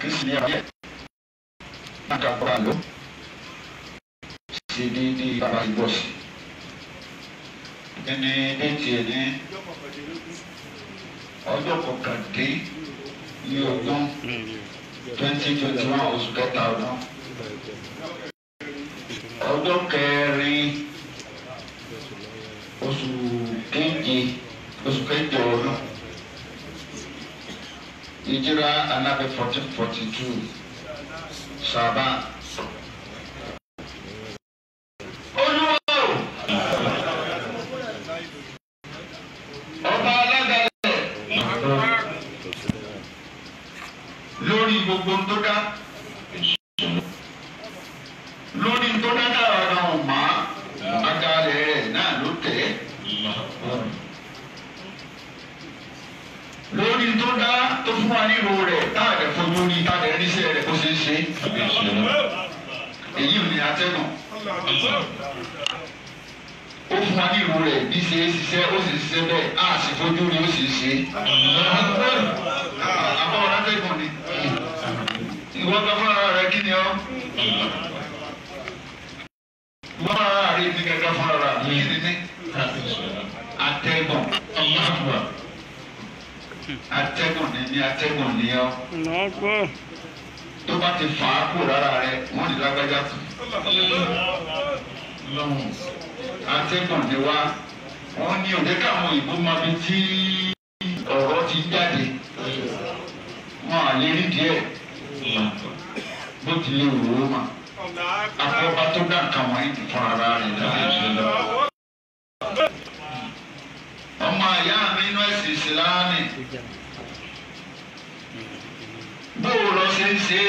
Kristianiteten náà kọ́ra ló ṣe déédéé bàbá ìgbọ̀sí. Ẹni ní tiẹ̀ ní ọjọ́ kọkàndínlógún twenty twenty one oṣù kẹta ọdún. Ọjọ́ kẹrin oṣù keje oṣù kẹjọ ọdún hijira ana bɛ fourteen forty two shaban Hmm. tó bá ti fà á kó rárá rẹ wọ́n lè lágbájá tù. atẹ́gùn ni wá wọ́n ní òde káwọn òyìnbó máa fi tí ọ̀rọ̀ ti jáde wọn à lè rí díẹ̀ bó ti lè wò ó mà àfọwọ́bá tó dá nǹkan wọ̀nyí ti fún ara rẹ̀ láti ìṣẹ̀lẹ̀. ọmọ ìyá mi inú ẹ̀sìn ìsìlámì bó o lọ ṣe ń ṣe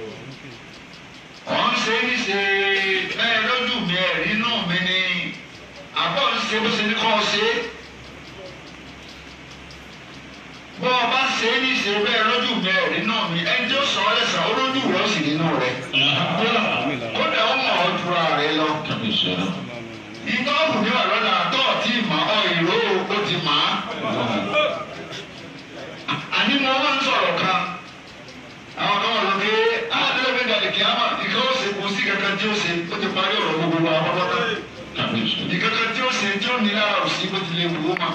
é ọ̀ ń ṣe ń ṣe bẹ́ẹ̀ lójú mi ẹ̀rí inú mi ni àbọ̀ ń ṣe bó ṣe ní kọ́ ọ ṣe é bó o bá ṣe é ní ṣe bẹ́ẹ̀ lójú mi ẹ̀rí inú mi ẹjọ́ sọ ọ́ lẹ́sàn ó lójú rẹ̀ ó sì nínú rẹ̀ kódà ó mọ̀ ọ́ jura rẹ̀ lọ. ìtọ́kùn ní wà lọ́dà tó ọ̀tí ìmọ̀ ọ̀ ìró o ti mọ̀ á tí mo wá ń sọ̀rọ̀ kan àwọn kan wà ló dé àádọ́rẹ́ mi dàdí kí á mà ìkan ó ṣe kò sí kankan tí ó ṣe ó ti parí ọ̀rọ̀ gbogbo àwọn pátá ìkankan tí ó ṣe tí ó ní lára òsì bó ti lè wò ó mà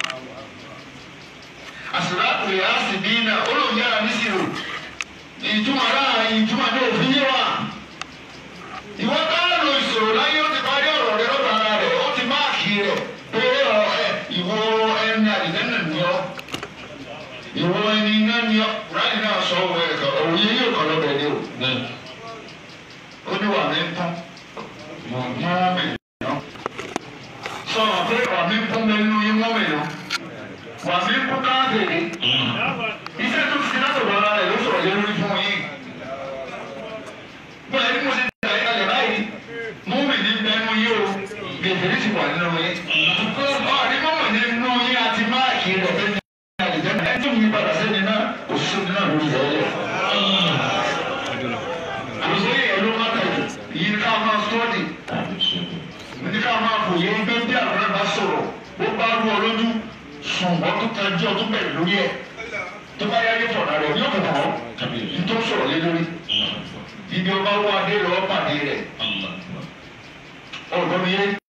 àṣìlá òye á sì bí iná ó lòun yára nísìrò ìtumọ̀ láàrin ìtumọ̀ ní òfin yé wa ìwọ́n bá lọ ìṣòro láyé ó Ibrahim náà sọ òwe ẹ̀kọ́ òun yìí yóò kọ́ lọ́bẹ̀ ni o. Ó ní wà ní tán. mọ́ mi nà. Sọ̀rọ̀ pé wà mí kú mi yín mọ́ mi nà. Wà mí kú káàkiri. Hmm. sùn ọdún kan jẹ́ ọdún mẹ́rin lórí ẹ̀ tó bá yá yé fọ̀nà rẹ̀ yóò kọ̀ ọ́ tó sọ̀rọ̀ lé lórí ibi ọba wà dé lọ́ọ́ pàdé rẹ̀ ọ̀gbọ́n mi yé.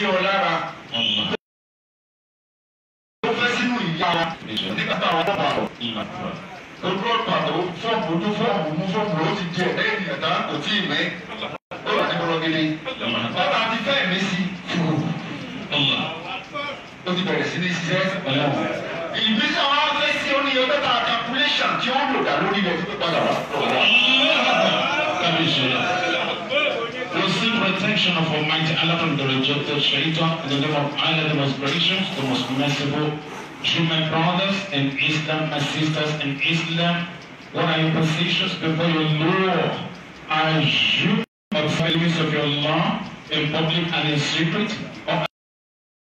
sí ọ lára. ó fẹ́ sínú ìyá wa nígbà táwọn ọmọ àrò ojú ọ̀pá tó fọ́ọ̀mù ojú fọ́ọ̀mù mú fọ́ọ̀mù ó ti jẹ lẹ́yìn ẹ̀dá kò tí ì mẹ́ ó wà ní bọ́lọ́gẹ́lẹ́ bàbá àti fẹ́ẹ̀ mi sí fúru ó ti bẹ̀rẹ̀ sí ní ṣiṣẹ́ ìgbésẹ̀ wa fẹ́ sí oníyẹ bẹ́tà calculation tí ó ń lò dá lórí rẹ̀ tó padà wá. protection of Almighty Allah from the rejected shaitan in the name of Allah the most gracious, the most merciful. To my brothers in Islam, my sisters in Islam, what I am positions before your Lord, I you of values of your law in public and in secret, or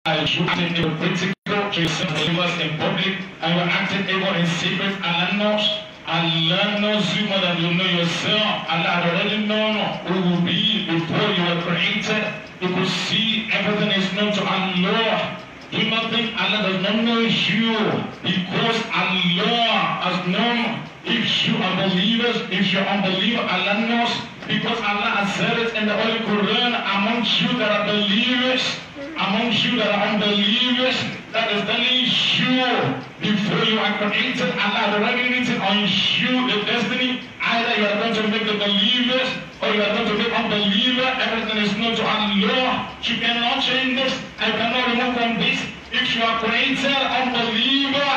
I you acting hypocritical to yourself believers in public, and you acting evil in secret and not Allah knows you more than you know yourself. Allah already knows who you will be before you were created. He could see everything is known to Allah. Do not think Allah does not know you because Allah has known if you are believers, if you are unbeliever, Allah knows because Allah has said it in the Holy Quran amongst you that are believers amongst you that are unbelievers, that is telling you before you are created, Allah already written on you the destiny. Either you are going to make the believers or you are going to make unbeliever. Everything is known to Allah. You cannot change this. I cannot remove from this. If you are created unbeliever,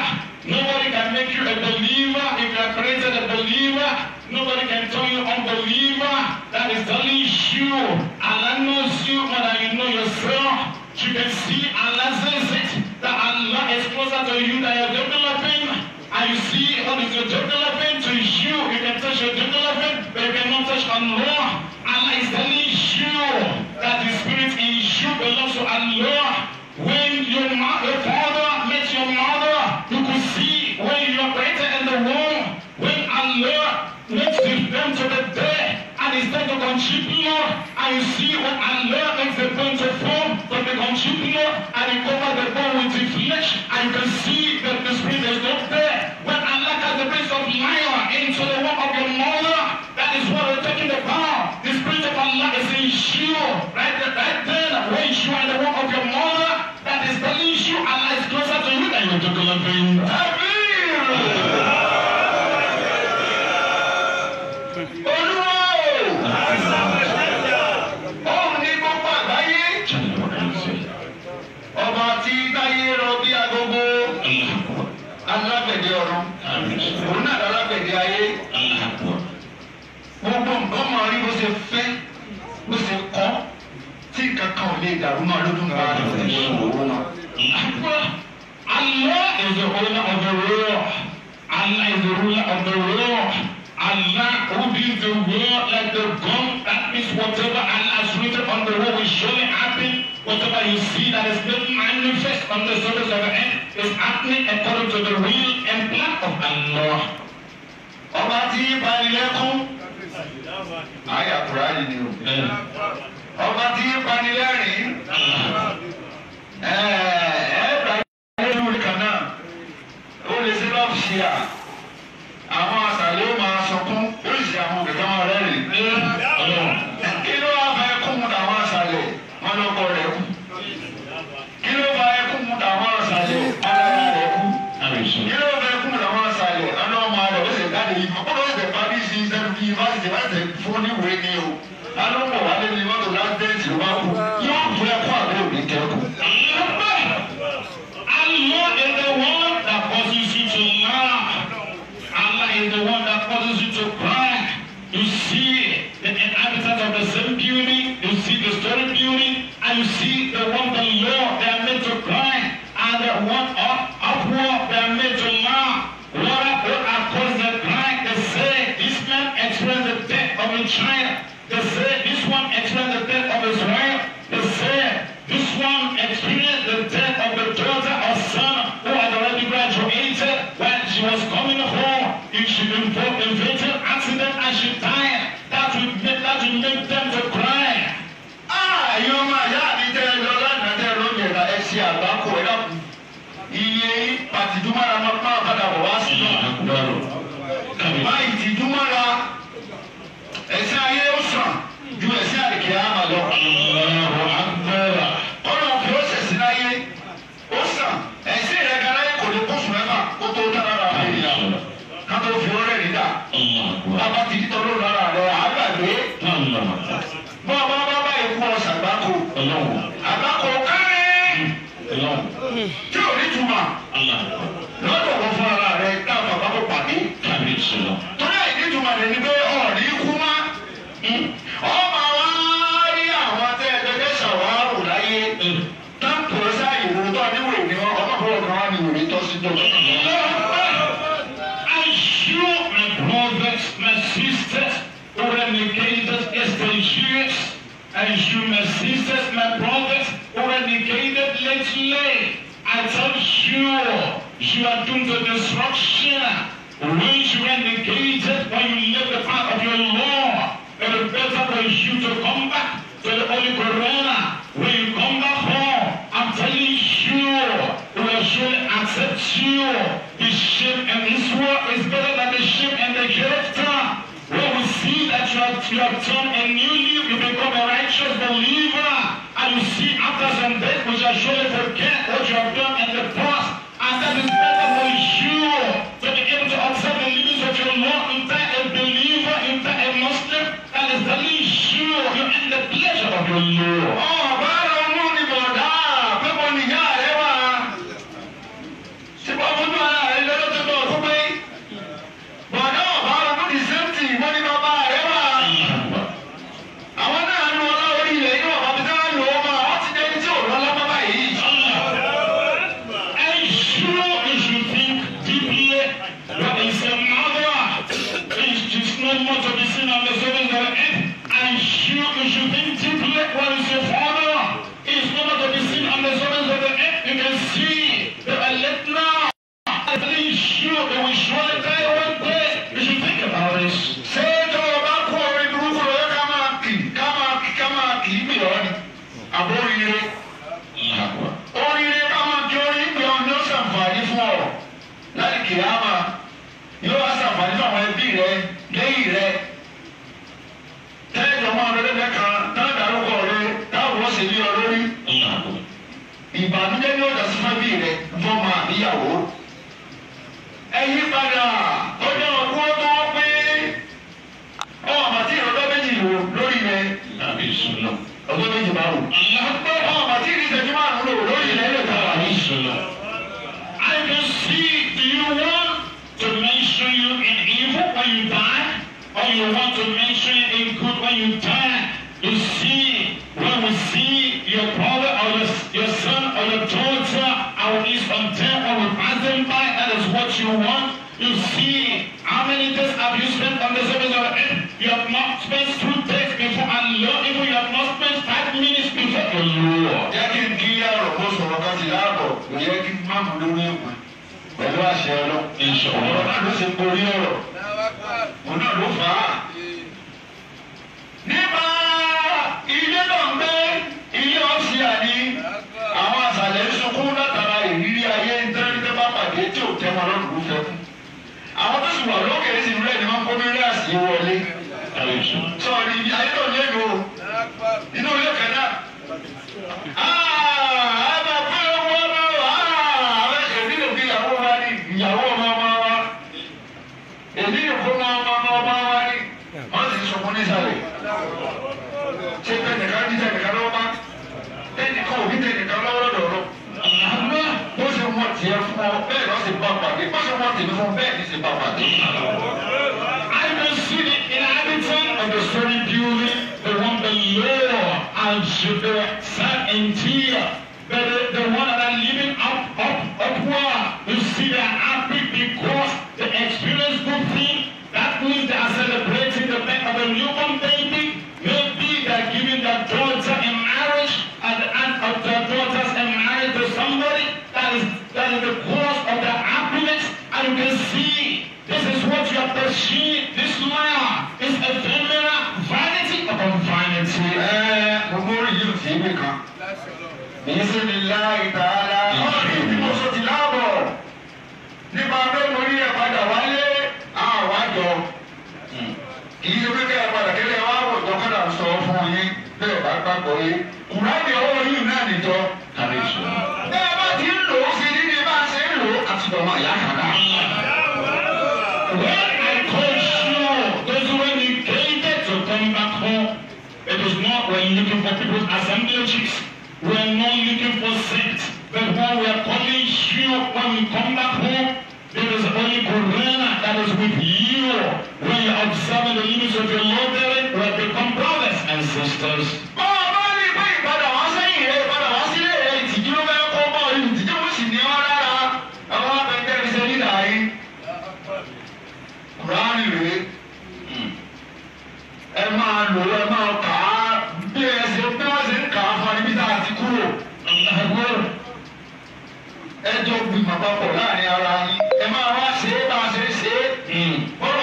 nobody can make you a believer. If you are created a believer, Nobody can tell you unbeliever that is telling you Allah knows you more than you know yourself. You can see Allah says it that Allah is closer to you than you're developing. And you see what is your developing to you. You can touch your development, but you cannot touch Allah. Allah is telling you that the spirit in you belongs to Allah. the bones are full, from the conjugal, and you cover the bone with the flesh, and you can see that the spirit is not there. When Allah has the place of liar into the work of your mother, that is what we're talking about. The spirit of Allah is in you, right, there, right then, when you are in the work of your mother, that is telling you Allah is closer to you than you're to in dàrú mọ́ lójú ká Allah is the owner of the world. Allah is the ruler of the world. Allah rules the world like the gun. That means whatever Allah has written on the world will surely happen. Whatever you see that is not manifest on the surface of the earth is happening according to the will and plan of Allah. Ọba tí Balilẹ́kùn. Àyà Kùránì ni o ọba tí yé pani lẹ́rìn ẹ ẹ gbàgbé lórí kan náà ó lè ṣe lọ́ọ̀ṣì à àwọn àṣà. So, You see the inhabitants of the same building, you see the story building, and you see the one juma what you want to mention in good when you die, you see, when we see your brother or your, your son or your daughter, our niece from them or we pass them by, that is what you want. You see how many days have you spent on the service of earth? You have not spent two days before and Lord, even you have not spent five minutes before the Lord. Jẹ́ Olha, olha, Amen.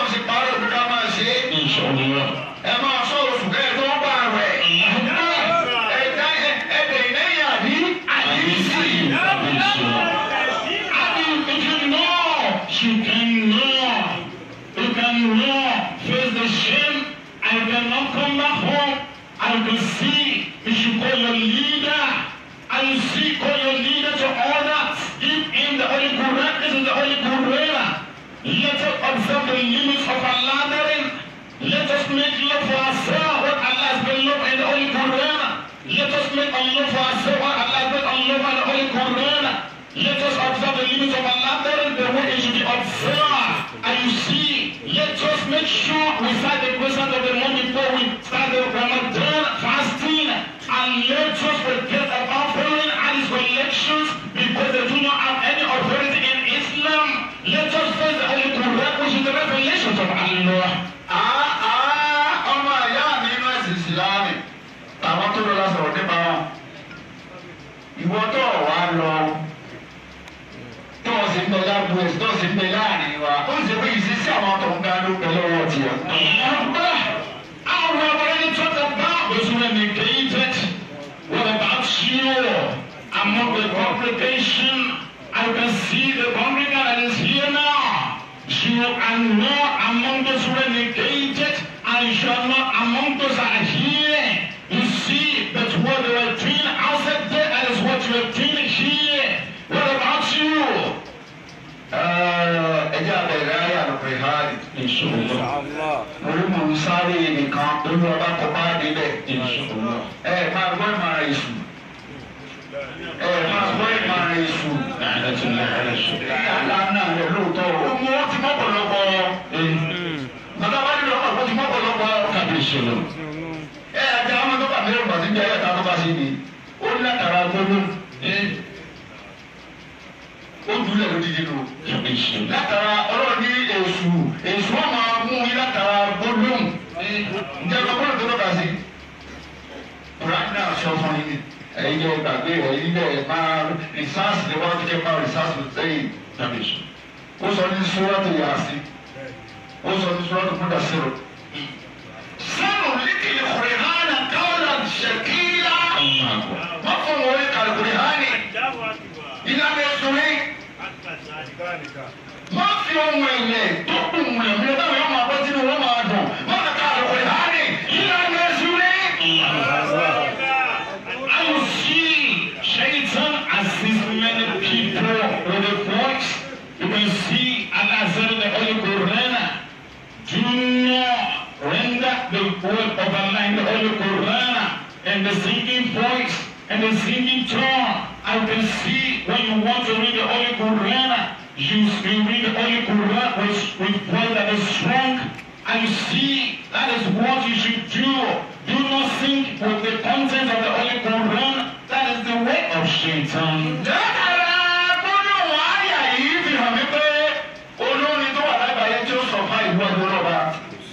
and the singing voice and the singing tongue. I can see when you want to read the Holy Quran, you, you read the Holy Quran with, with voice that is strong. And you see, that is what you should do. Do not think with the content of the Holy Quran. That is the way of Shaitan.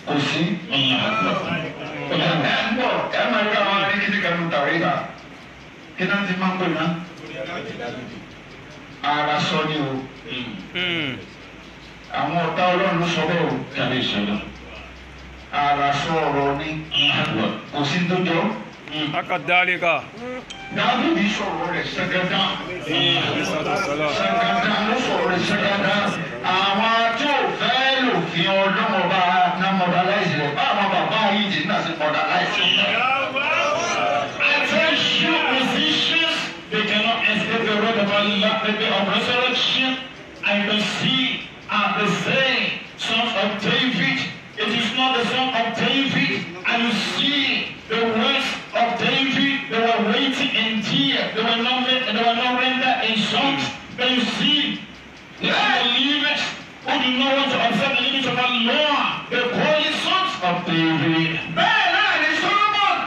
Kò sí. Ẹ ń bọ̀ ẹ máa rí àwọn rìbá kí náà ti máa ń pè ná ara sọ ni o hmm. àwọn ọ̀tá ọlọ́run sọ bẹ́ẹ̀ o tàbí ìṣẹ̀lẹ̀ ara sọ ọ̀rọ̀ ni kò sí tó jọ. Hmm. akadalika. dábìbì sọ̀rọ̀ rẹ̀ sẹ́gẹ́dá hmm. sẹ́gẹ́dá ló sọ̀rọ̀ rẹ̀ sẹ́gẹ́dá àwọn tí ò fẹ́ lòfin ọlọ́run. want to offend the limits of Allah, the holy sons of the bẹ́ẹ̀ náà ni Solomon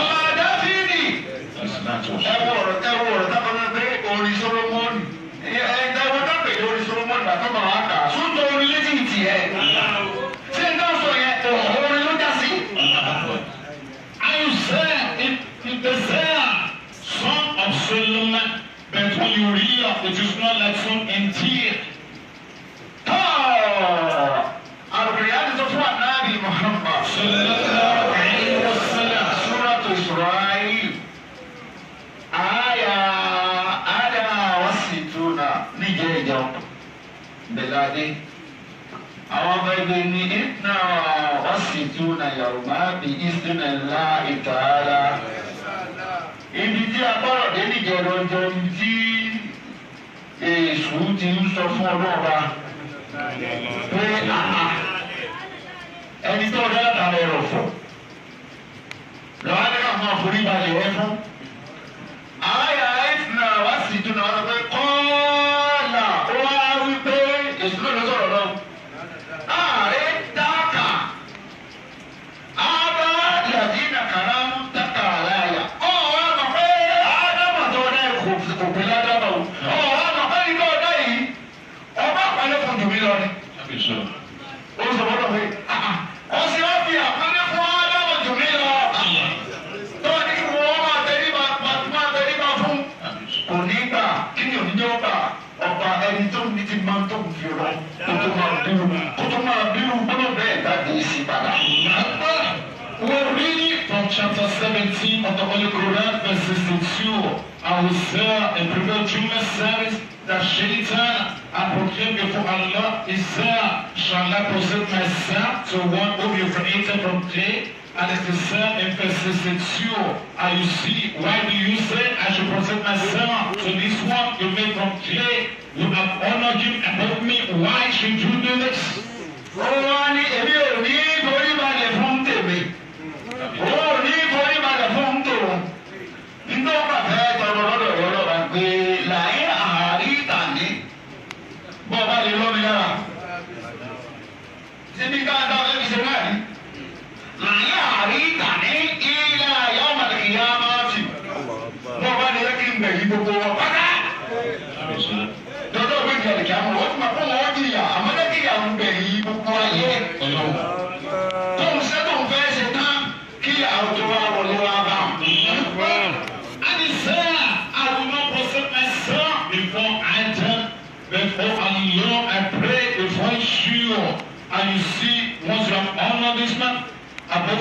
ọmọ Dáfídì ẹwọ ọ̀rọ̀ ẹwọ ọ̀rọ̀ tábọn pé orin Solomon ẹni tábọn dápẹ orin Solomon àtọ́ bàbá kà sóńtò orin létí ìtì ẹ ṣé n dáhùn sọ yẹn orin ló dá sí. Isaiah in Isaiah of Solomon but when you read it, it is not like some in bẹ̀láde àwọn ọmọ ẹgbẹ́ ní ìtàn ọ̀sìtú na yorùbá bí ìsúná ńlá ìtààlà ibi tí agbọ́rọ̀ dé nìjẹ̀rọ jọ tí èṣù ti ń sọ fún ọlọ́ọ̀ba pé àhà ẹni tó dá látara ẹ̀rọ fún lọ́wọ́ ní káwọn àforíbalẹ̀ ẹ̀ fún. àyà ẹ̀sìn náà wá sí ìdúnà wọn pé kọ́. of the Holy Quran, verse 62. I will serve and prepare human service that Shaitan I proclaim before Allah is there. Shall I present myself to one whom you created from clay? And it is said in verse 62, and why do you say I should present myself to this one you made from clay? You have honored him above me. Why should you do this? Oh, I need èmi ò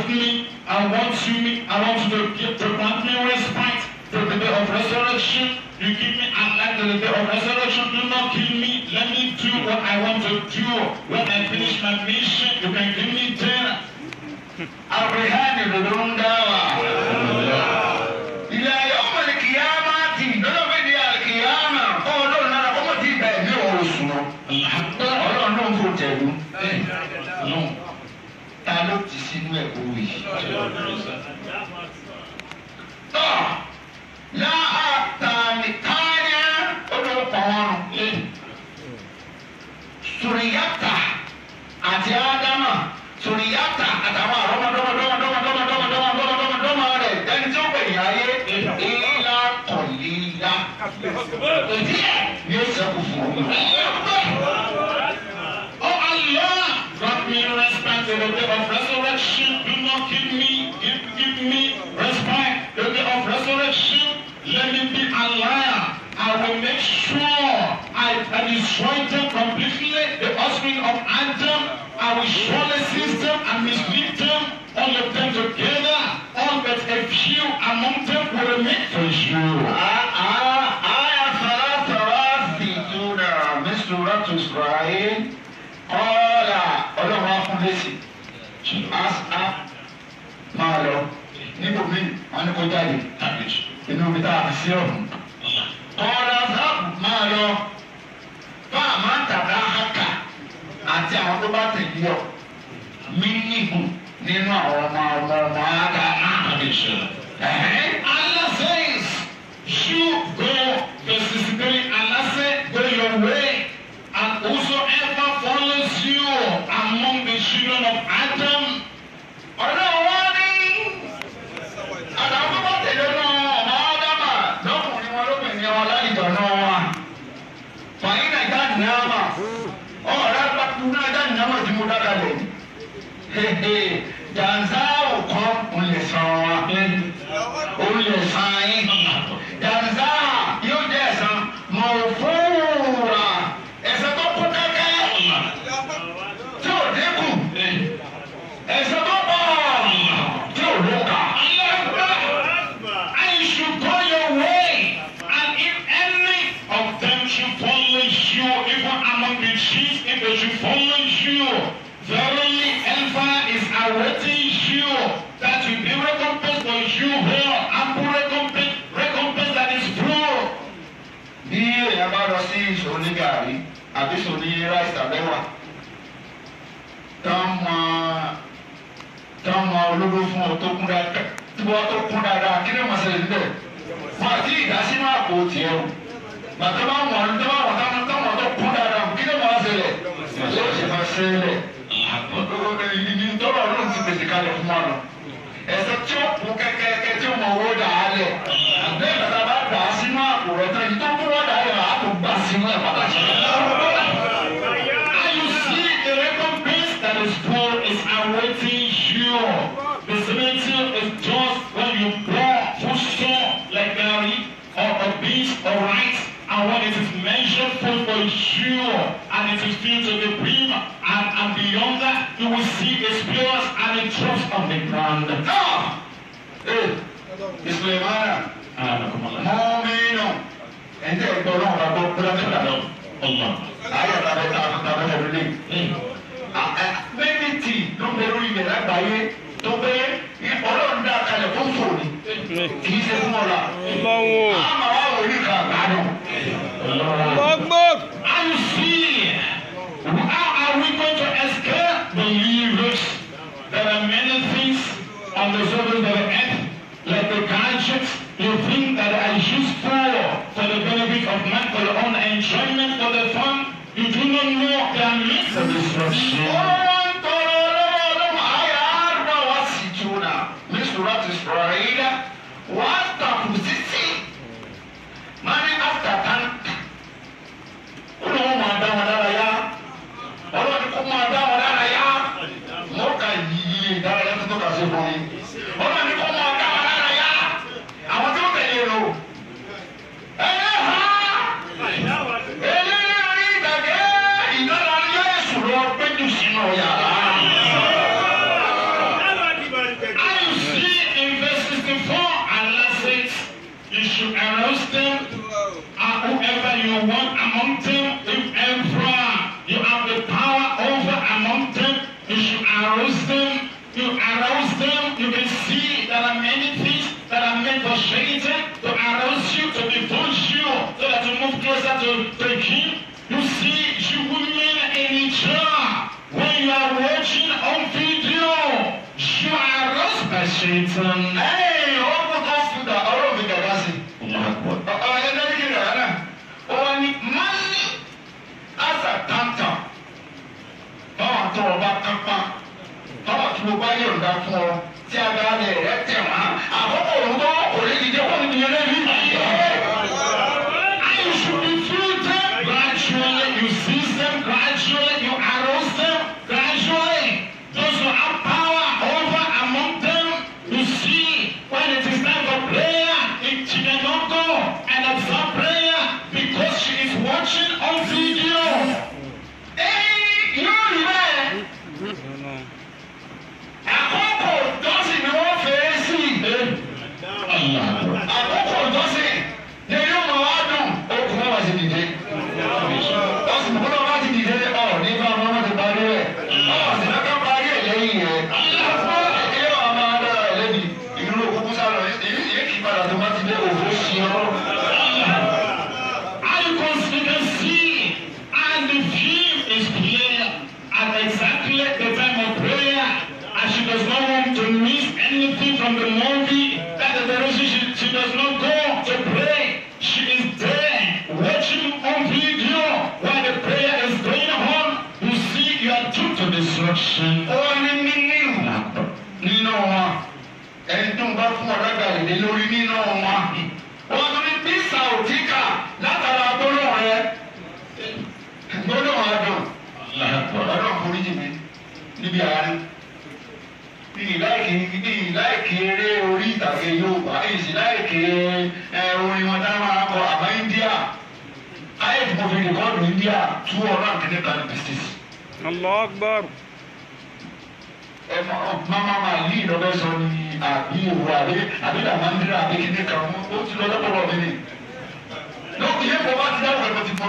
me, I want you, I want you to give to grant me respite for the day of resurrection. You give me alive till the day of resurrection. Do not kill me. Let me do what I want to do. When I finish my mission, you can give me dinner. I'll be happy the room that. Oh Allah, grant me respect in the day of resurrection. I will make sure I, I destroy them completely, the offspring of Adam. I will surely seize them and mislead them, all of them together. All but a few among them will remain for sure. Israel, all are all of our foundation. She asked her, Paolo, Nico, me, and Nico Daddy, inú mi tá a fi sí ọ̀hún ọ̀rọ̀ azabu máa lọ fún àmàtàdá haka àti àwọn tó bá tẹ̀lé ọ mí nìkú nínú àwọn ọmọ ọmọ ọmọ aga ahàbẹ̀ṣẹ̀. Allah says, you go participate Jangan táwọn olódó fún ọ tó kún dáadáa tí wọ́n tó kún dáadáa kí ló mọ̀ sí ẹ̀dínlẹ̀ wọ́n àti ìdá sínú àpò tiẹ̀ o bàtà bá wọn tó bá wọn táwọn táwọn tó kún dáadáa kí ló mọ̀ sí ẹ̀ yóò ṣe máa ṣe é lẹ̀ ìdí tọ́lọ̀ ló ń ti pèsè kalẹ̀ fún wa lọ ẹ̀sẹ̀ tí ó kú kẹ́kẹ́kẹ́ tí ó mọ owó dà á lẹ̀ bẹ́ẹ̀ bàtà bá dà á sínú àpò rẹ̀ tó Sure, and it is filled to the brim and, and beyond that you will see a and a trust on the ground. Ah! Eh, ah, no! Hey, it's Levana. Mọ́mí náà. Ẹ̀jẹ̀ ìgbọ́ náà bá gbọ́ pẹ́lẹ́pẹ́lẹ́ náà. Ọlọ. Ayé àtàwọn ọ̀tá àtàwọn ẹ̀rọ lé. Mẹ́mìtì ló ń bẹ lórí ilẹ̀ don't bẹ́ ọlọ́run dá kalẹ̀ fún fòní. Eh. Kì í ṣe fún ọ̀la. Àmọ́ wò. Àmọ́ wà wò ní I'm seeing how are we going to escape There are many things on the surface of the earth, like the gadgets, you think that are just for, for the benefit of man, for own enjoyment, for the fun. You do not know oh, the means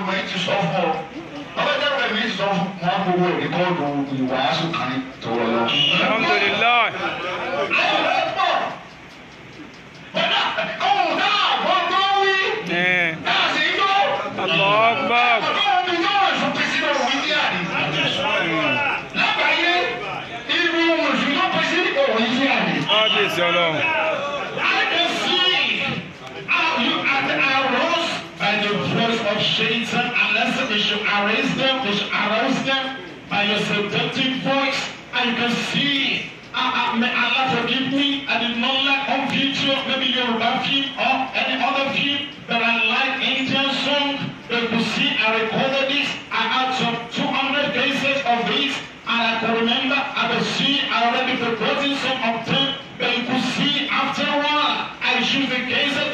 ọmọ yìí ti sọ fún ọ bàbá ìjọba rẹ̀ mi ti sọ fún wọn kó wọ rìkọ́ọ̀dù ìwàásù kan tó rọ lọ. alhamdulilayi. lọ́wọ́ pọ̀ bọ́dà kóhùn náà wọ́n tó wí. náà sì yó. alọ́gbà. ọlọ́run yóò ẹ̀sùn pín sínú òwe ní àná. lágbàáyé irú mùsùlùmí yóò pín sí òwe ní àná. wọ́n á dé sí ọlọ́run. of Shaitan unless they should arrest them, they should arouse them by your seductive voice. And you can see, uh, uh, may Allah forgive me, I did not like on video, maybe Yoruba film or any other film that I like Indian song. But could see I recorded this. I had some 200 cases of this. And I can remember, I could see I already forgotten some of them. But you could see after a while, I choose the cases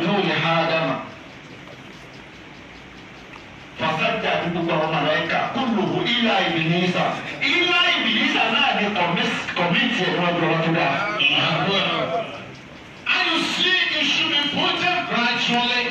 wùdúùlì ha dama fasajá àti gbogbo àwọn màláíkà kúlùkù ilá ìbìlísà ilá ìbìlísà náà ni kọ̀míìtì ẹ̀rọ ọdún ọdún And you see, you should be put putting gradually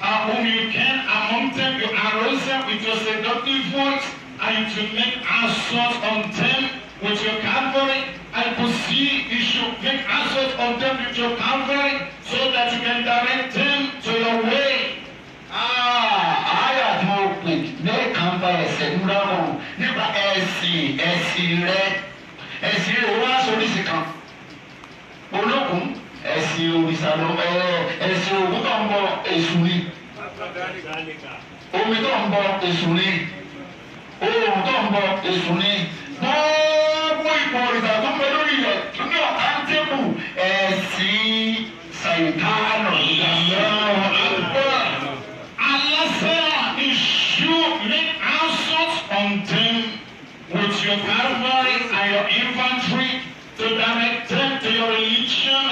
uh, whom you can among them, you arouse them with your seductive words, and you to make assault on them with your cavalry. I could see if you should make asset of them with your counsel so that you can direct them to your way. Àyà tó pè lẹ́ẹ̀kan bá ẹsẹ̀ ńlá wọn nípa ẹ̀sìn ẹ̀sìn rẹ̀ ẹ̀sìn rẹ̀ wọ́n á sọ́rísì kan. Olókùn ẹ̀sìn òrìṣà lọ ẹ̀sìn òkú tó ń bọ̀ èṣù ni. Omi tó ń bọ̀ èṣù ni. Oòrùn tó ń bọ̀ èṣù ni gbogbo ìmọ̀ òrìṣà tó ń bẹ lórí ilẹ̀ ní ọ̀tá tẹ́kù ẹ̀sìn ṣàìtánù ìlànà àgbà alására ìṣú ní assault on them with your cavalry your infantry to direct them to your religion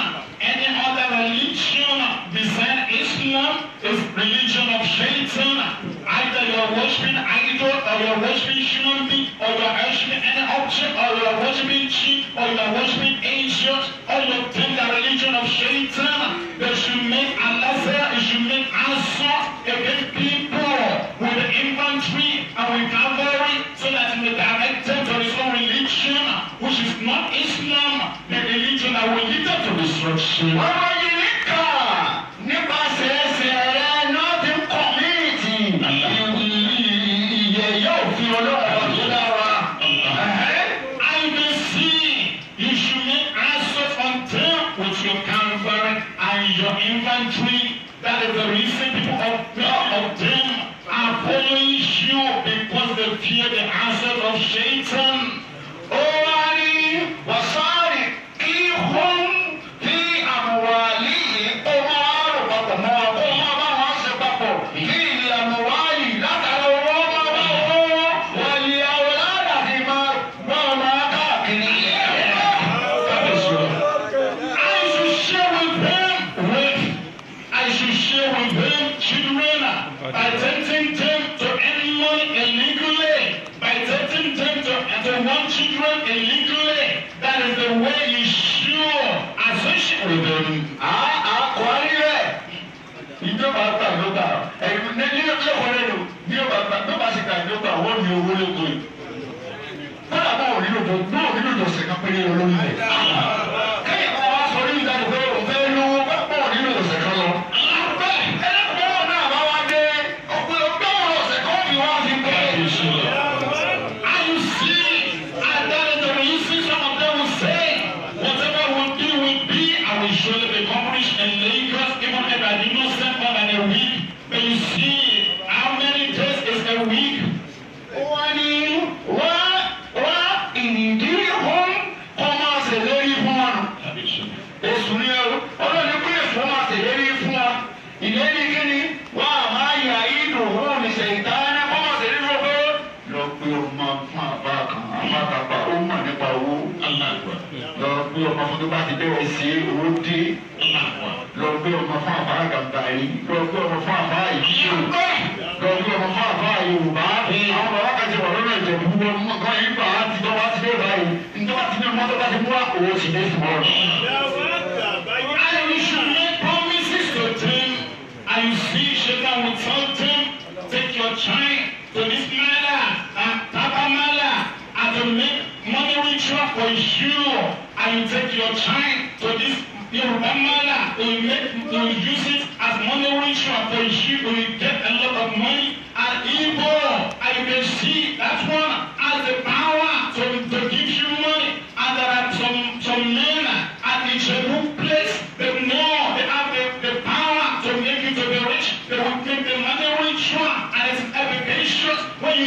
any other religion besides Islam is religion of Shaitan. Either you're worshiping idol or you're worshiping human being or you're worshiping any object or you're worshiping chief or you're worshiping angels or you're taking the religion of Satan that you make Allah fair, that you make answer against people with infantry and with cavalry so that in the directed to his own religion, which is not Islam, the religion that will lead to destruction.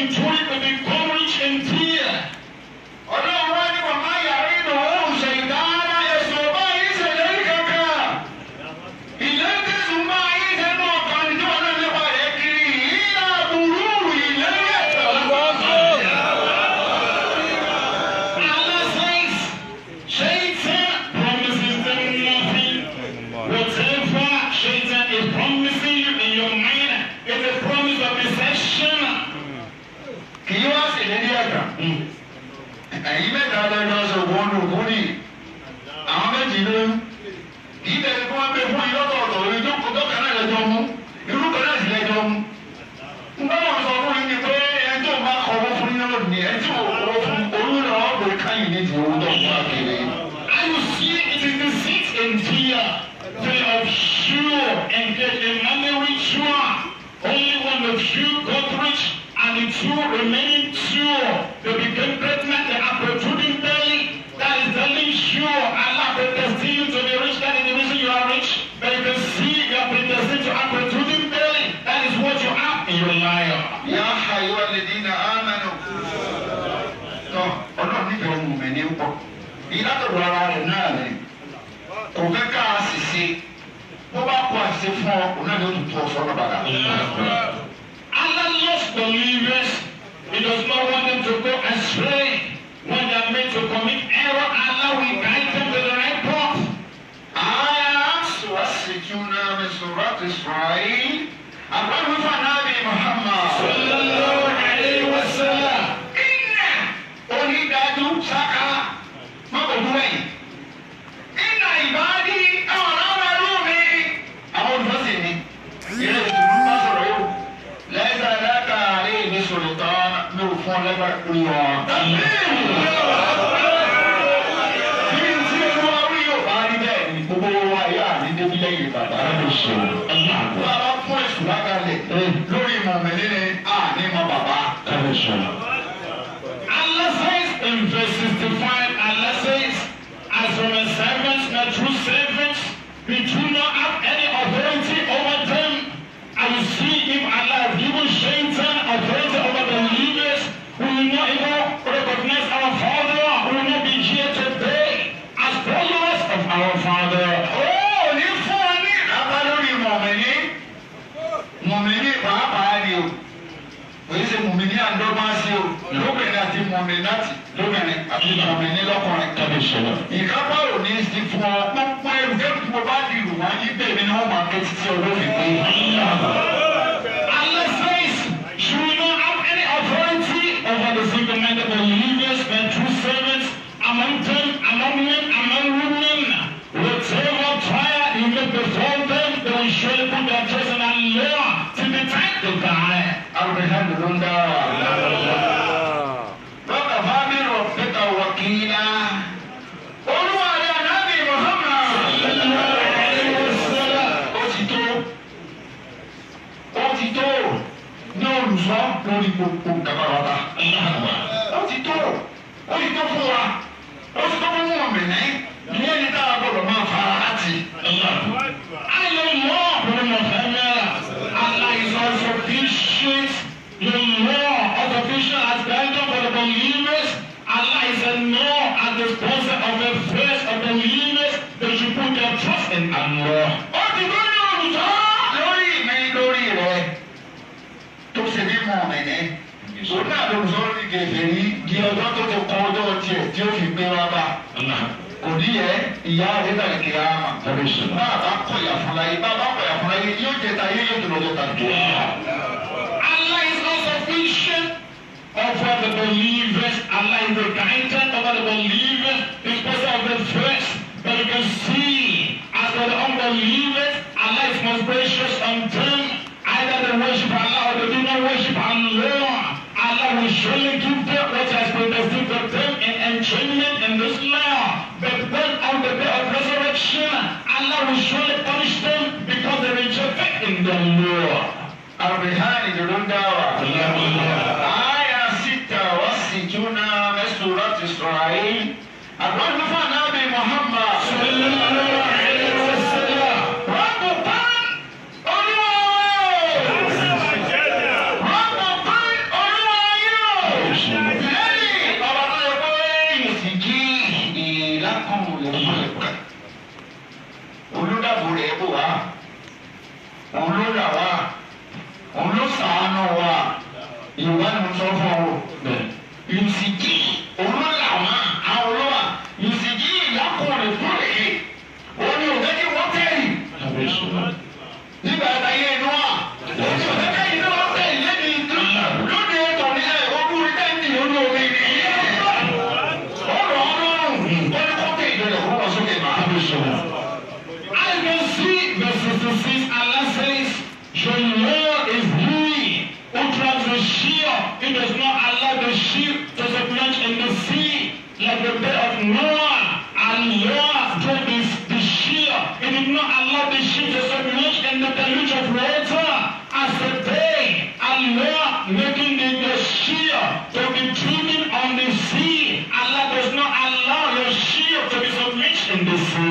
1920. 悩んだ Thank you.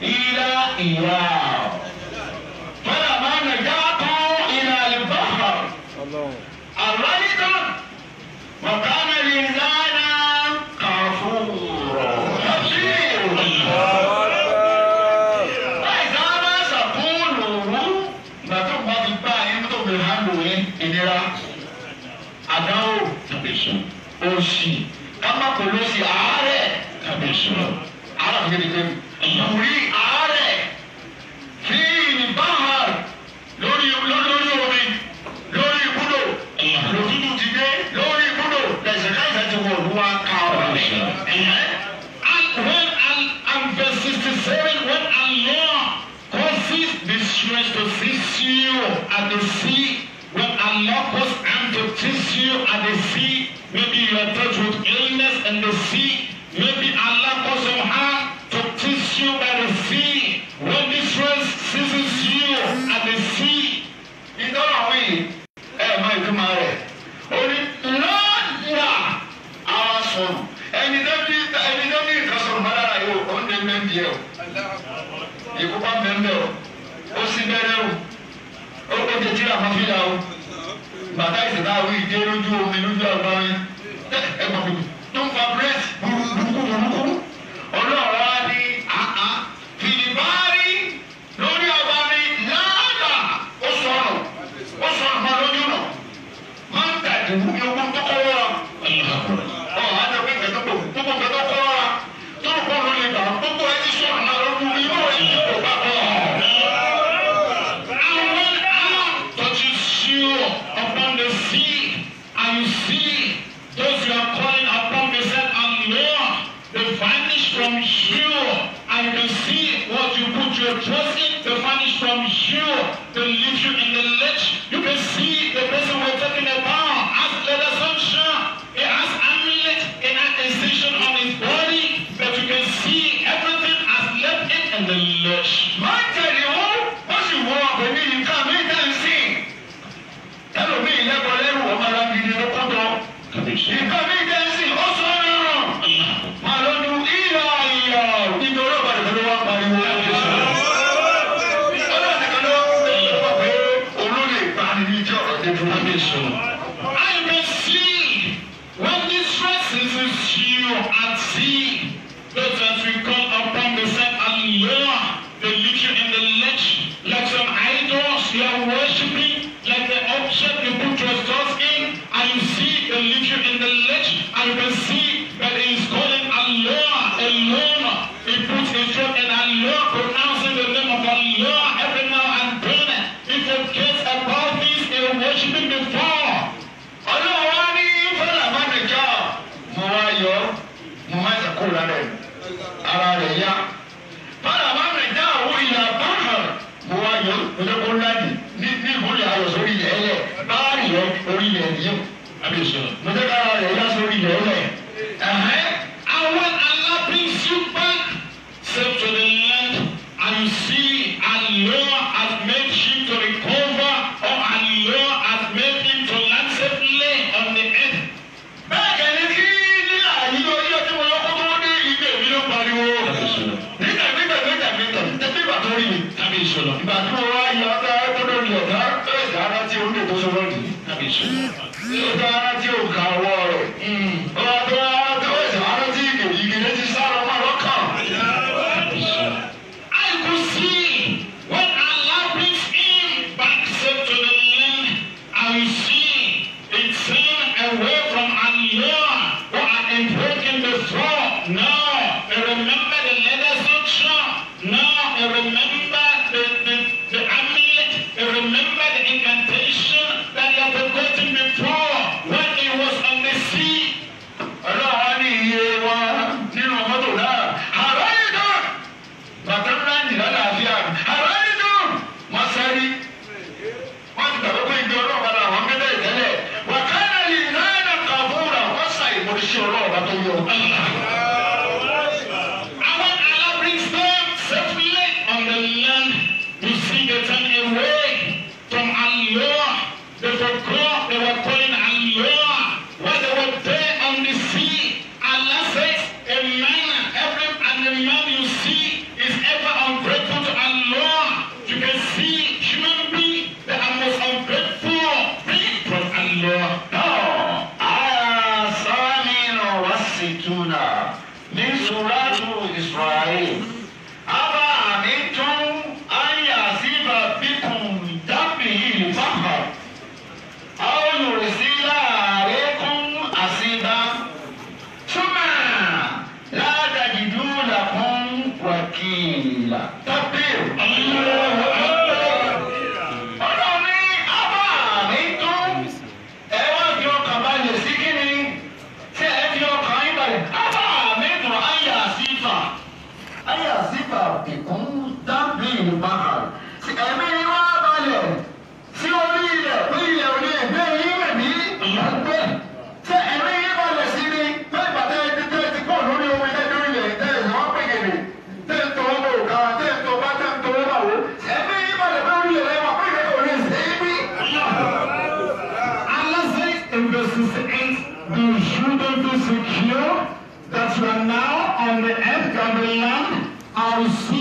Ira y Ira. Gracias. house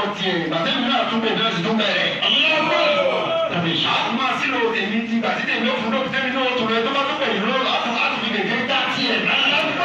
lọ́wọ́ tiẹ̀ bàtẹ́ mi náà tún bẹ̀ náà ti tún bẹ̀rẹ̀. àtúmọ̀ sínú tèmi ti bàtí tèmi ó fún lóbi tèmi náà tó lọ ẹ tó bá tó bẹ̀rẹ̀ lọ́wọ́ àtúmọ̀ àtúmọ̀ kékeré dá tiẹ̀ náà.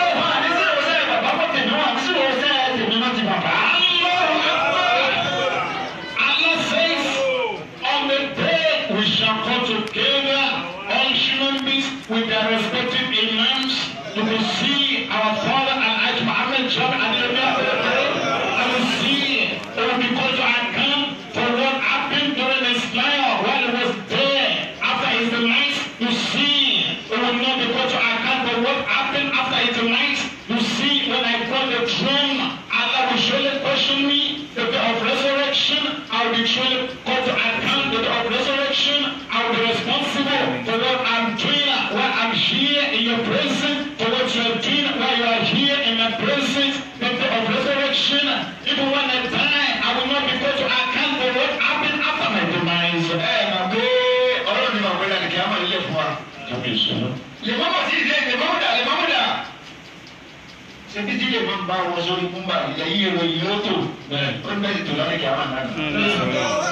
嗯。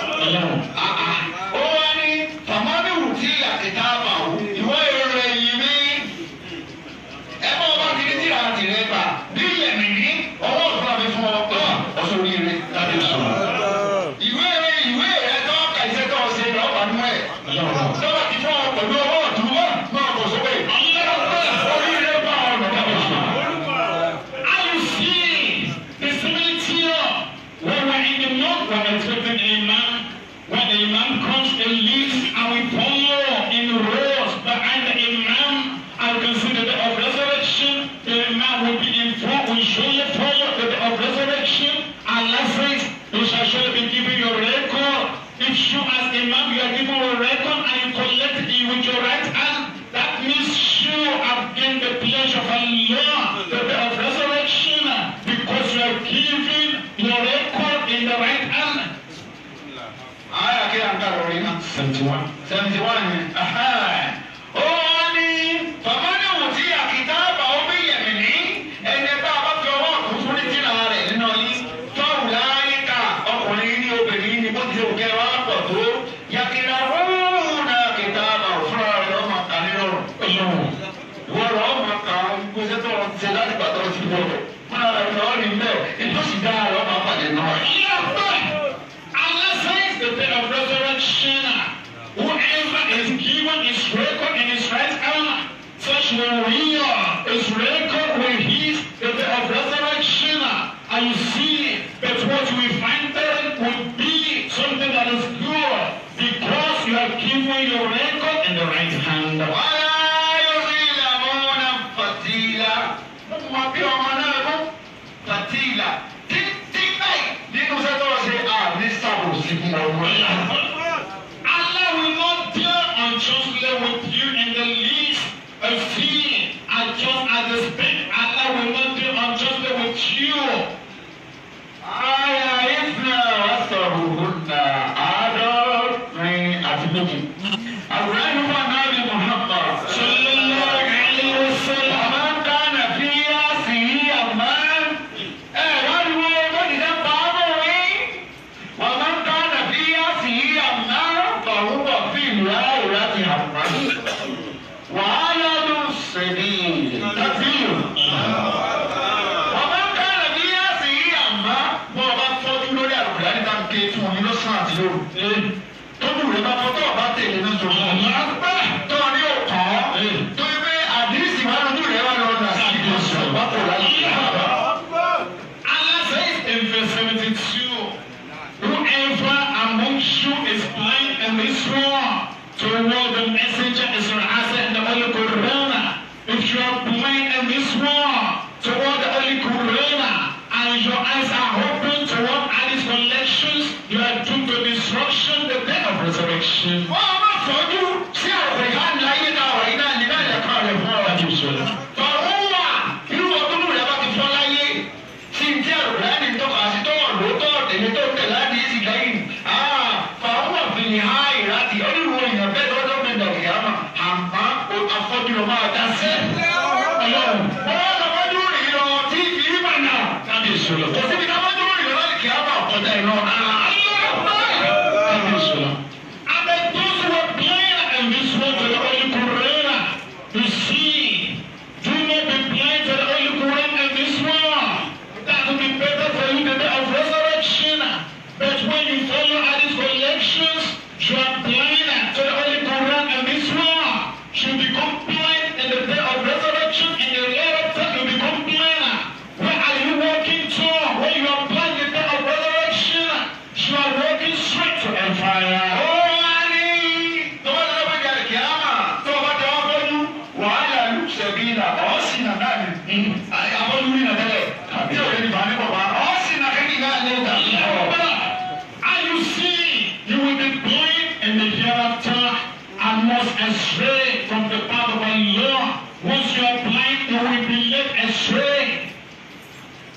Character and not astray from the path of Allah. Once you are blind, you will be led astray.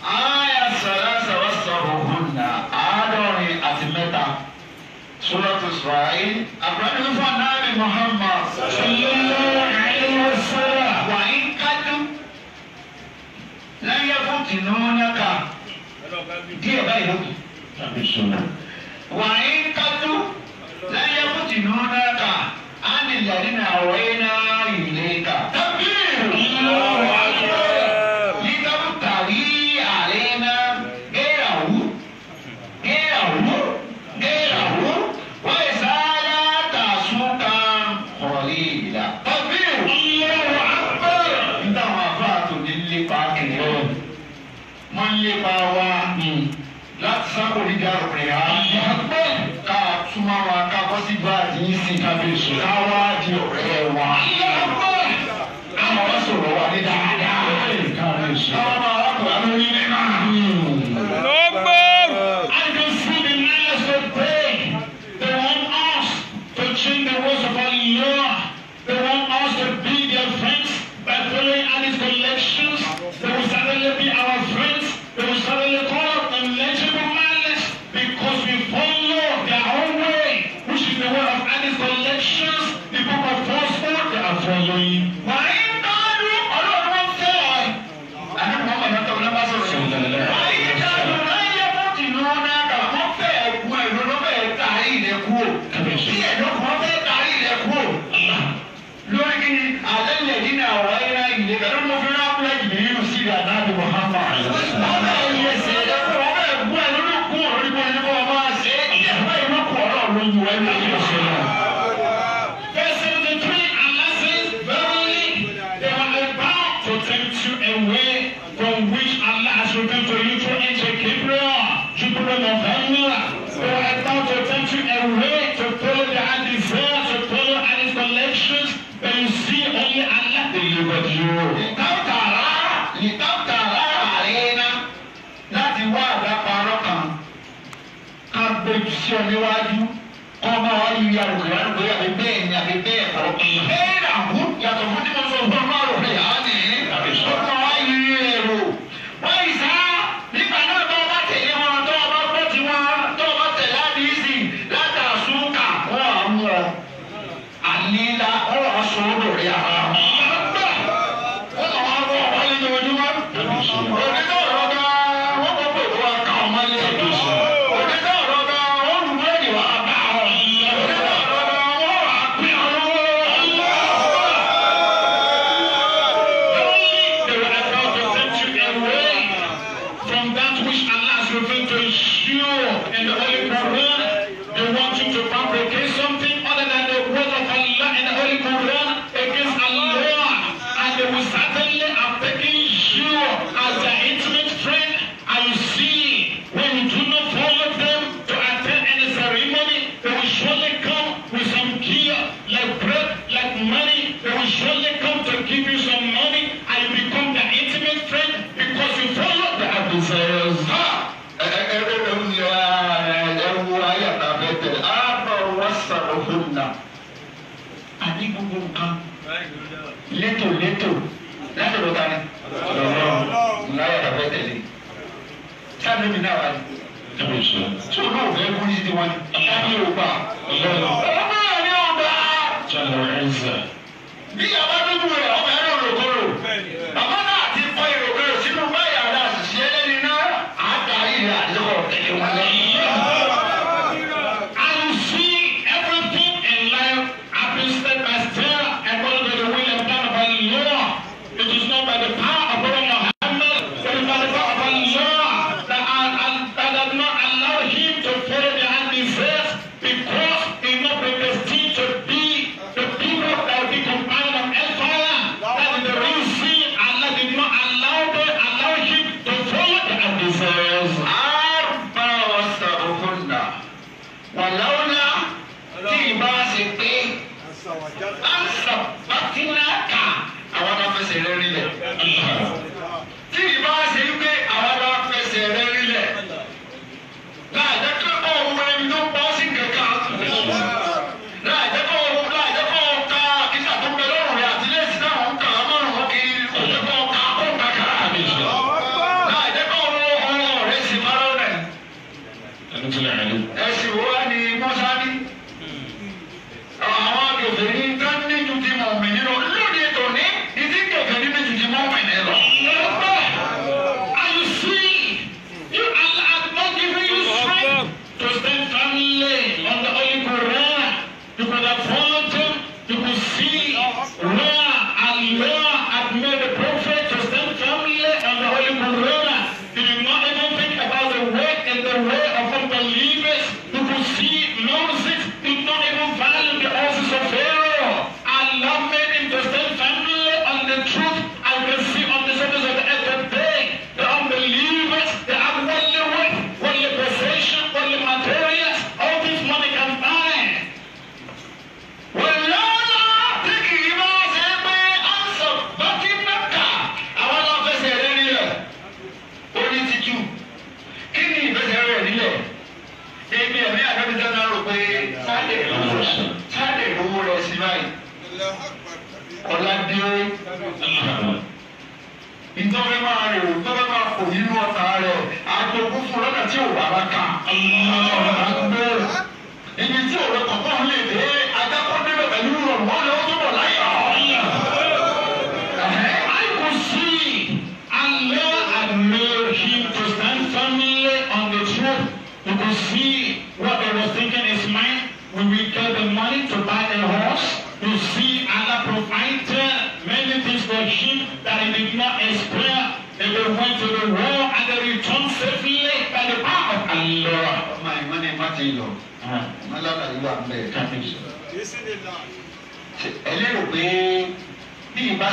Aya Salasa Wasaruhunna Adorin àti mẹ́ta. Sura Tusrael. Abraham fún Anáàbì Muhammad. Sallallahu alayhi wa sallam. Wà ń kájú. Láyé fún Tìǹbù-Náka. Díẹ̀ báyìí lókè. Wà ń kájú. يفتنونك عن الذين أوينا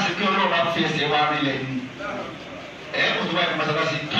ṣe pé ọlọ́run á fi ẹsẹ̀ wa rí lẹ̀ ẹ̀ kò tó báyìí mọ́sálásí kí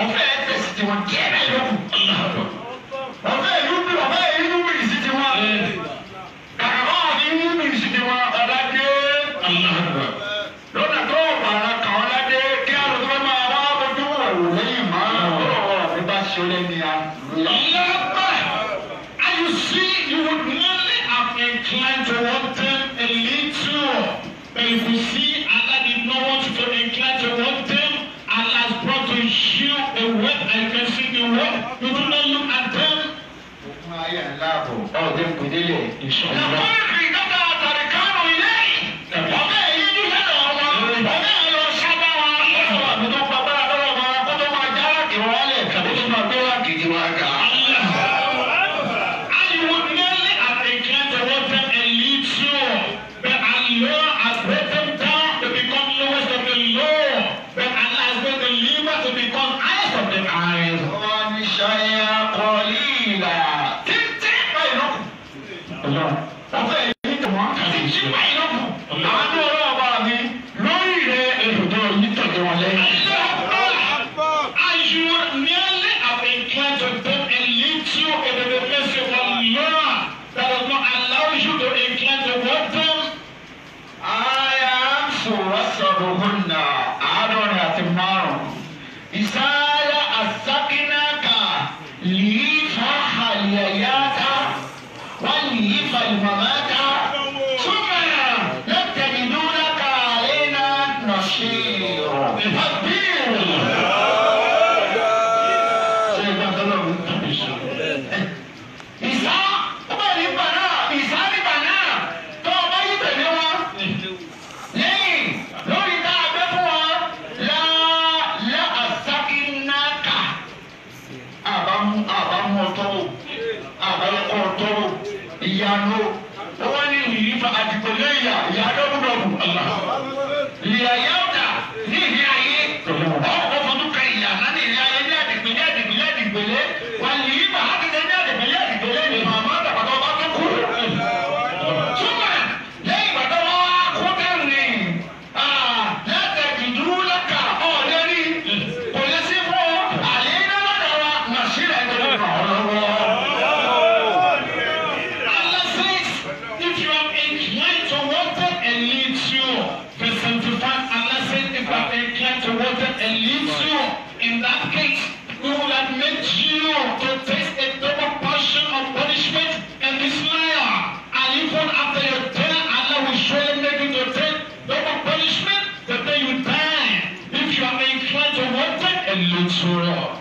Okay. 输了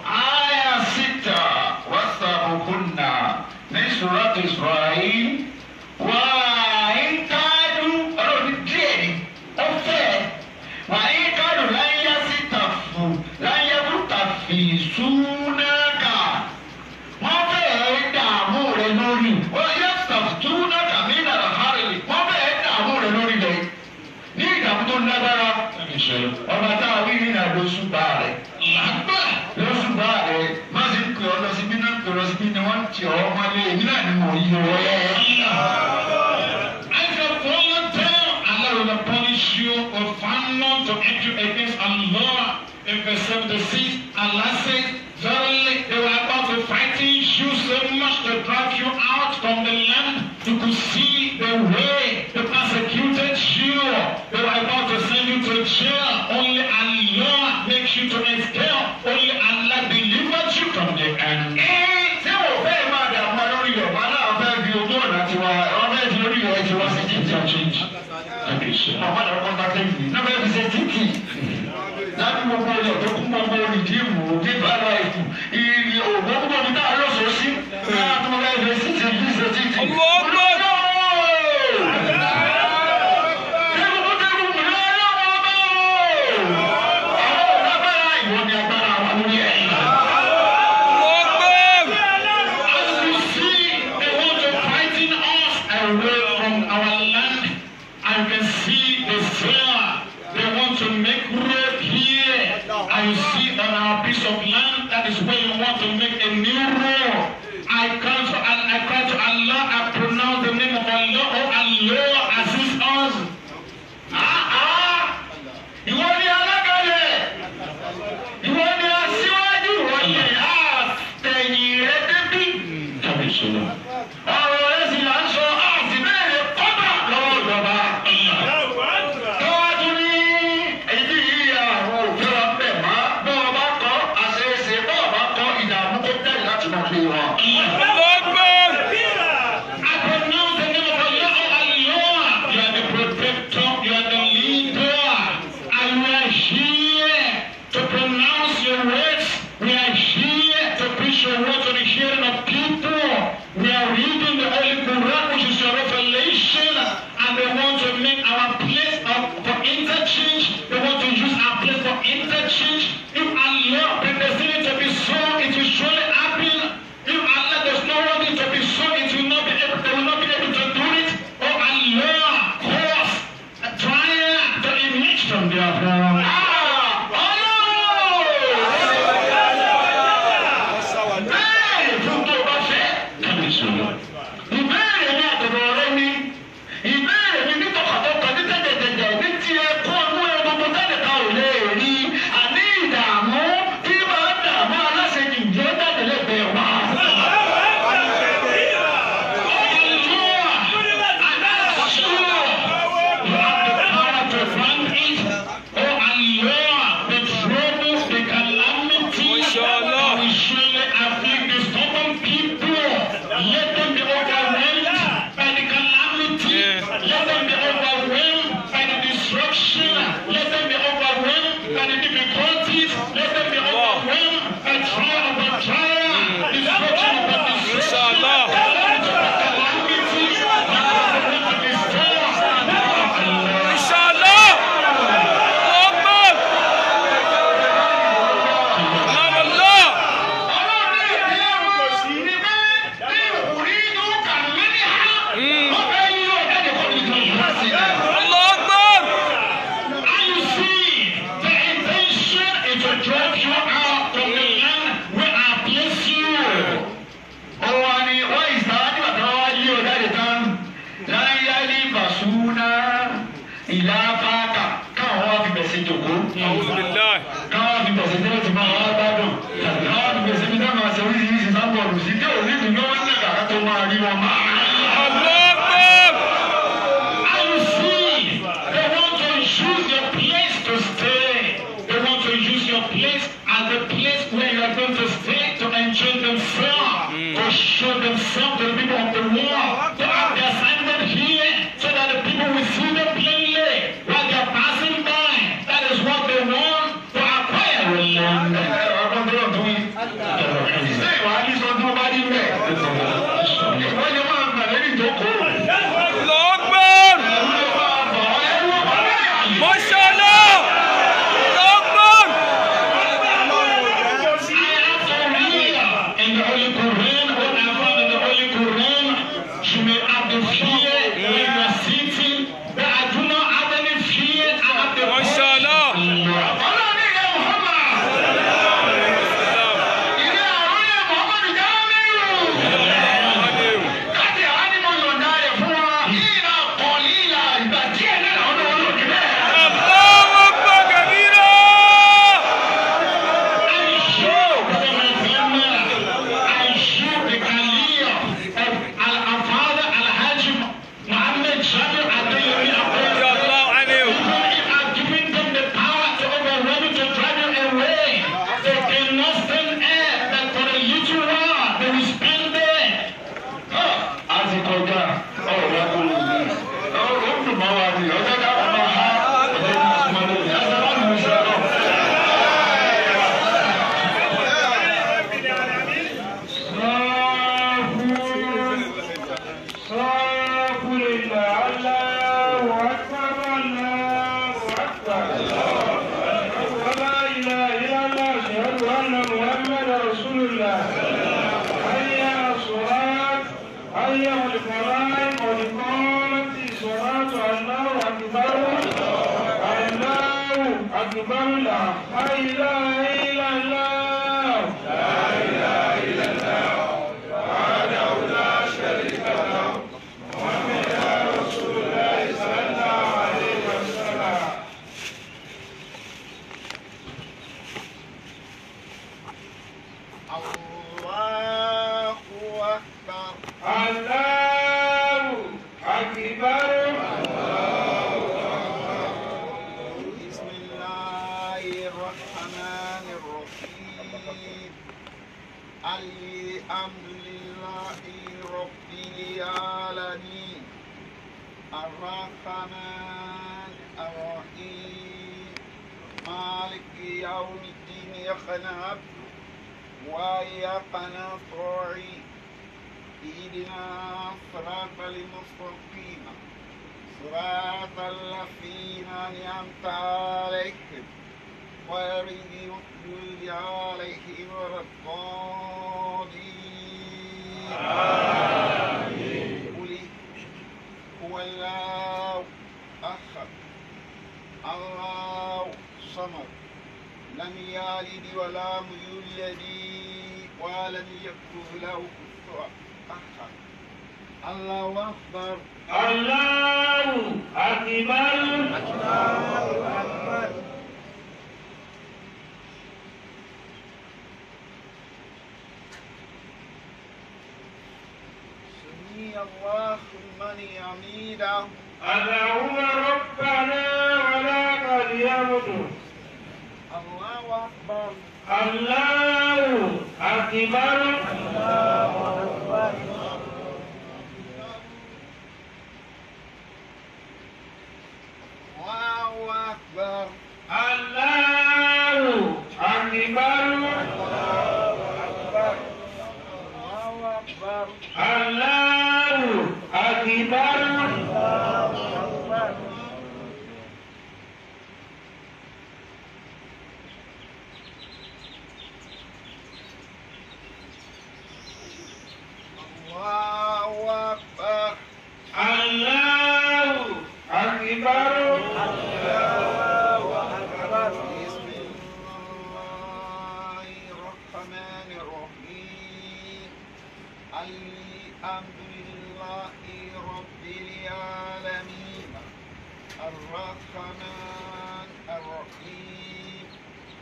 الرحمن الرحيم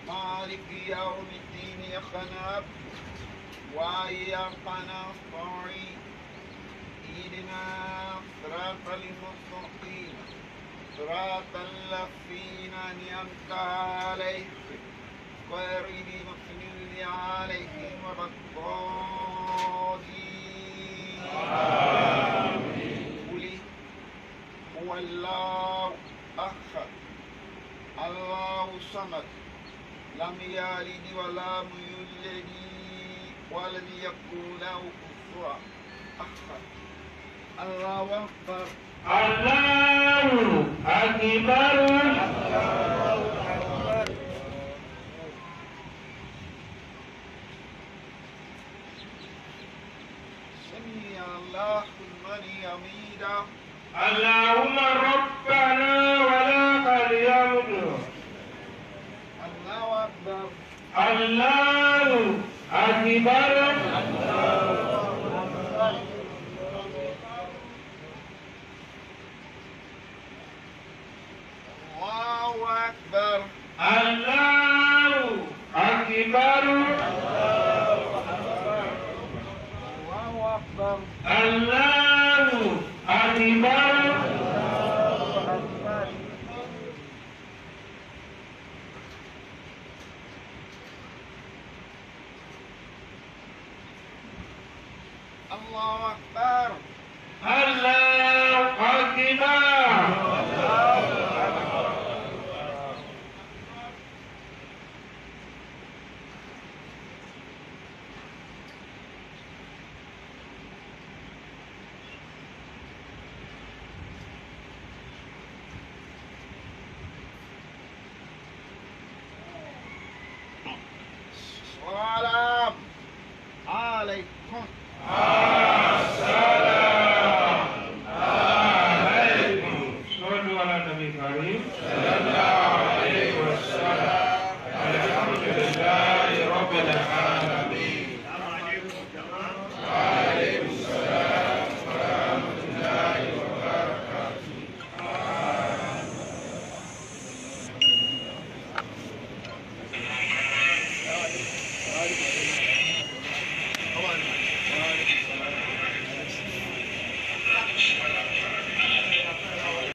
مالك يوم الدين إياك نعبد وإياك نستعين اهدنا صراط المستقيم صراط الذين أنعمت عليهم غير المغضوب عليهم ولا الضالين قل هو الله الله الصمد لم يلد ولم يولد ولم يكن له كفوا أحد الله أكبر الله أكبر سمي الله لمن يميده اللهم